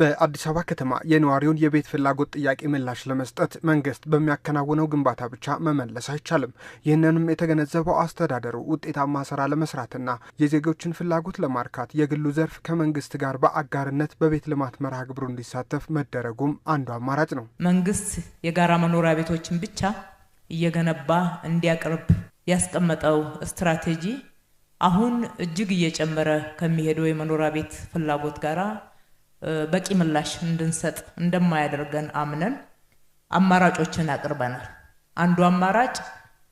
በአዲስ አበባ ከተማ የነዋሪውን የቤት ፍላጎት ጥያቄ ምላሽ ለመስጠት መንግስት በሚያከናውነው ግንባታ ብቻ መመለስ አይቻልም። ይህንንም የተገነዘበው አስተዳደሩ ውጤታማ ስራ ለመስራትና የዜጎችን ፍላጎት ለማርካት የግሉ ዘርፍ ከመንግስት ጋር በአጋርነት በቤት ልማት መርሃ ግብሩ እንዲሳተፍ መደረጉም አንዱ አማራጭ ነው። መንግስት የጋራ መኖሪያ ቤቶችን ብቻ እየገነባ እንዲያቀርብ ያስቀመጠው ስትራቴጂ አሁን እጅግ እየጨመረ ከሚሄደው የመኖሪያ ቤት ፍላጎት ጋራ በቂ ምላሽ እንድንሰጥ እንደማያደርገን አምነን አማራጮችን አቅርበናል። አንዱ አማራጭ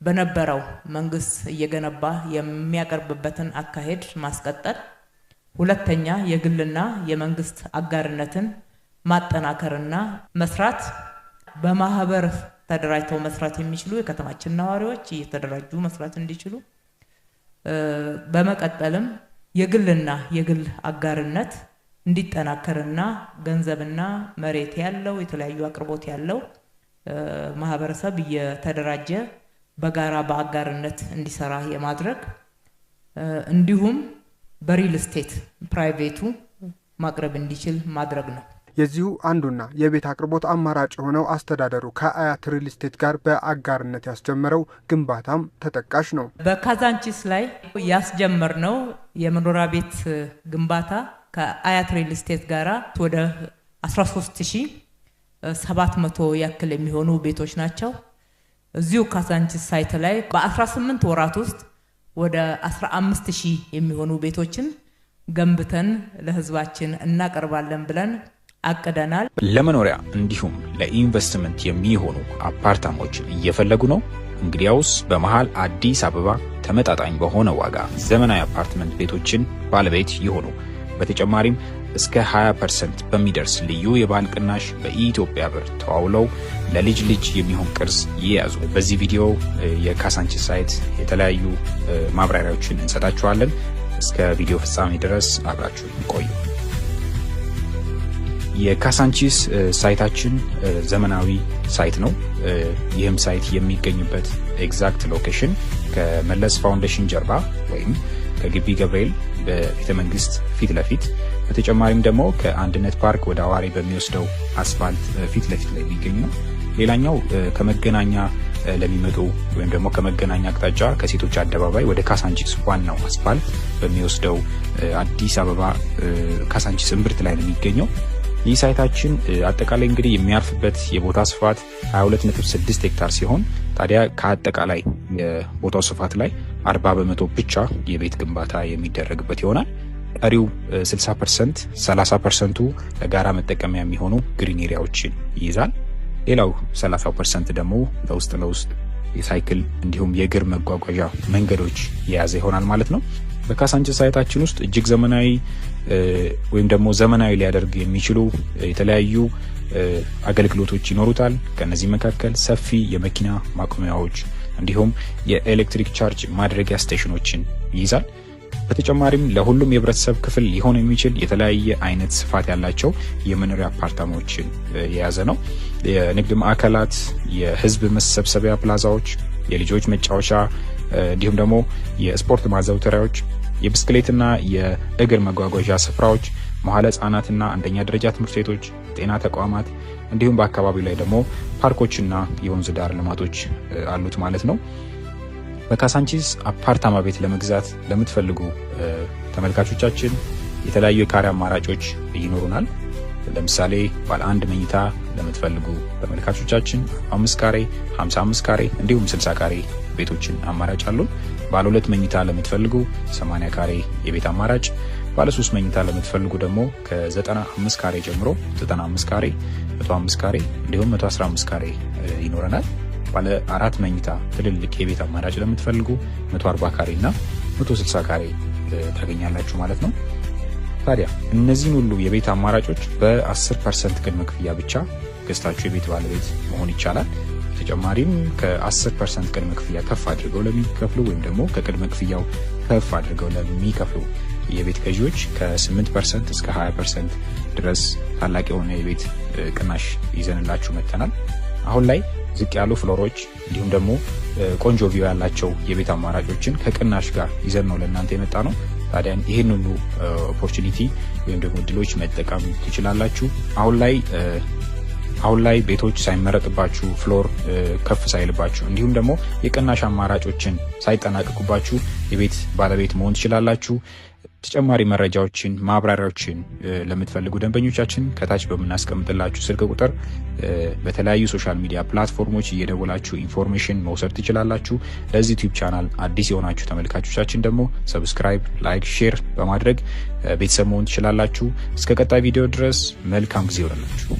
በነበረው መንግስት እየገነባ የሚያቀርብበትን አካሄድ ማስቀጠል፣ ሁለተኛ የግልና የመንግስት አጋርነትን ማጠናከርና መስራት በማህበር ተደራጅተው መስራት የሚችሉ የከተማችን ነዋሪዎች እየተደራጁ መስራት እንዲችሉ፣ በመቀጠልም የግልና የግል አጋርነት እንዲጠናከርና ገንዘብና መሬት ያለው የተለያዩ አቅርቦት ያለው ማህበረሰብ እየተደራጀ በጋራ በአጋርነት እንዲሰራ የማድረግ እንዲሁም በሪል ስቴት ፕራይቬቱ ማቅረብ እንዲችል ማድረግ ነው። የዚሁ አንዱና የቤት አቅርቦት አማራጭ የሆነው አስተዳደሩ ከአያት ሪል ስቴት ጋር በአጋርነት ያስጀመረው ግንባታም ተጠቃሽ ነው። በካዛንቺስ ላይ ያስጀመርነው የመኖሪያ ቤት ግንባታ ከአያት ሪል ስቴት ጋር ወደ 13700 ያክል የሚሆኑ ቤቶች ናቸው። እዚሁ ካዛንቺስ ሳይት ላይ በ18 ወራት ውስጥ ወደ 15000 የሚሆኑ ቤቶችን ገንብተን ለህዝባችን እናቀርባለን ብለን አቅደናል። ለመኖሪያ እንዲሁም ለኢንቨስትመንት የሚሆኑ አፓርታማዎች እየፈለጉ ነው? እንግዲያውስ በመሃል አዲስ አበባ ተመጣጣኝ በሆነ ዋጋ ዘመናዊ አፓርትመንት ቤቶችን ባለቤት ይሆኑ። በተጨማሪም እስከ 20% በሚደርስ ልዩ የባህል ቅናሽ በኢትዮጵያ ብር ተዋውለው ለልጅ ልጅ የሚሆን ቅርስ ይያዙ። በዚህ ቪዲዮ የካሳንቺስ ሳይት የተለያዩ ማብራሪያዎችን እንሰጣችኋለን። እስከ ቪዲዮ ፍጻሜ ድረስ አብራችሁ ቆዩ። የካሳንቺስ ሳይታችን ዘመናዊ ሳይት ነው። ይህም ሳይት የሚገኝበት ኤግዛክት ሎኬሽን ከመለስ ፋውንዴሽን ጀርባ ወይም ከግቢ ገብርኤል በቤተ መንግስት ፊት ለፊት በተጨማሪም ደግሞ ከአንድነት ፓርክ ወደ አዋሬ በሚወስደው አስፋልት ፊት ለፊት ላይ የሚገኝ ነው። ሌላኛው ከመገናኛ ለሚመጡ ወይም ደግሞ ከመገናኛ አቅጣጫ ከሴቶች አደባባይ ወደ ካሳንቺስ ዋናው አስፋልት በሚወስደው አዲስ አበባ ካሳንቺስ እምብርት ላይ ነው የሚገኘው። ይህ ሳይታችን አጠቃላይ እንግዲህ የሚያርፍበት የቦታ ስፋት 22.6 ሄክታር ሲሆን ታዲያ ከአጠቃላይ የቦታው ስፋት ላይ አርባ በመቶ ብቻ የቤት ግንባታ የሚደረግበት ይሆናል። ቀሪው 60 ፐርሰንት 30 ፐርሰንቱ ለጋራ መጠቀሚያ የሚሆኑ ግሪን ኤሪያዎችን ይይዛል። ሌላው 30 ፐርሰንት ደግሞ ለውስጥ ለውስጥ የሳይክል እንዲሁም የእግር መጓጓዣ መንገዶች የያዘ ይሆናል ማለት ነው። በካሳንችስ ሳይታችን ውስጥ እጅግ ዘመናዊ ወይም ደግሞ ዘመናዊ ሊያደርግ የሚችሉ የተለያዩ አገልግሎቶች ይኖሩታል። ከነዚህ መካከል ሰፊ የመኪና ማቆሚያዎች እንዲሁም የኤሌክትሪክ ቻርጅ ማድረጊያ ስቴሽኖችን ይይዛል። በተጨማሪም ለሁሉም የህብረተሰብ ክፍል ሊሆን የሚችል የተለያየ አይነት ስፋት ያላቸው የመኖሪያ አፓርታማዎችን የያዘ ነው። የንግድ ማዕከላት፣ የህዝብ መሰብሰቢያ ፕላዛዎች፣ የልጆች መጫወቻ እንዲሁም ደግሞ የስፖርት ማዘውተሪያዎች፣ የብስክሌትና የእግር መጓጓዣ ስፍራዎች መዋለ ህጻናትና አንደኛ ደረጃ ትምህርት ቤቶች፣ ጤና ተቋማት እንዲሁም በአካባቢው ላይ ደግሞ ፓርኮችና የወንዝ ዳር ልማቶች አሉት ማለት ነው። በካሳንቺስ አፓርታማ ቤት ለመግዛት ለምትፈልጉ ተመልካቾቻችን የተለያዩ የካሬ አማራጮች ይኖሩናል። ለምሳሌ ባለ አንድ መኝታ ለምትፈልጉ ተመልካቾቻችን 5 ካሬ፣ 55 ካሬ እንዲሁም 60 ካሬ ቤቶችን አማራጭ አሉን። ባለ ሁለት መኝታ ለምትፈልጉ 80 ካሬ የቤት አማራጭ ባለ ሶስት መኝታ ለምትፈልጉ ደግሞ ከ95 ካሬ ጀምሮ 95 ካሬ፣ 105 ካሬ እንዲሁም 115 ካሬ ይኖረናል። ባለ አራት መኝታ ትልልቅ የቤት አማራጭ ለምትፈልጉ 140 ካሬ እና 160 ካሬ ታገኛላችሁ ማለት ነው። ታዲያ እነዚህን ሁሉ የቤት አማራጮች በ10 ፐርሰንት ቅድመ ክፍያ ብቻ ገዝታችሁ የቤት ባለቤት መሆን ይቻላል። ተጨማሪም ከ10 ፐርሰንት ቅድመ ክፍያ ከፍ አድርገው ለሚከፍሉ ወይም ደግሞ ከቅድመ ክፍያው ከፍ አድርገው ለሚከፍሉ የቤት ገዢዎች ከ8 ፐርሰንት እስከ 20 ፐርሰንት ድረስ ታላቅ የሆነ የቤት ቅናሽ ይዘንላችሁ መጥተናል። አሁን ላይ ዝቅ ያሉ ፍሎሮች እንዲሁም ደግሞ ቆንጆ ቪው ያላቸው የቤት አማራጮችን ከቅናሽ ጋር ይዘን ነው ለእናንተ የመጣ ነው። ታዲያ ይህን ሁሉ ኦፖርቹኒቲ ወይም ደግሞ ድሎች መጠቀም ትችላላችሁ። አሁን ላይ አሁን ላይ ቤቶች ሳይመረጥባችሁ ፍሎር ከፍ ሳይልባችሁ እንዲሁም ደግሞ የቅናሽ አማራጮችን ሳይጠናቀቁባችሁ የቤት ባለቤት መሆን ትችላላችሁ። ተጨማሪ መረጃዎችን ማብራሪያዎችን ለምትፈልጉ ደንበኞቻችን ከታች በምናስቀምጥላችሁ ስልክ ቁጥር በተለያዩ ሶሻል ሚዲያ ፕላትፎርሞች እየደወላችሁ ኢንፎርሜሽን መውሰድ ትችላላችሁ። ለዚህ ዩቲዩብ ቻናል አዲስ የሆናችሁ ተመልካቾቻችን ደግሞ ሰብስክራይብ፣ ላይክ፣ ሼር በማድረግ ቤተሰብ መሆን ትችላላችሁ። እስከ ቀጣይ ቪዲዮ ድረስ መልካም ጊዜ ይሆንላችሁ።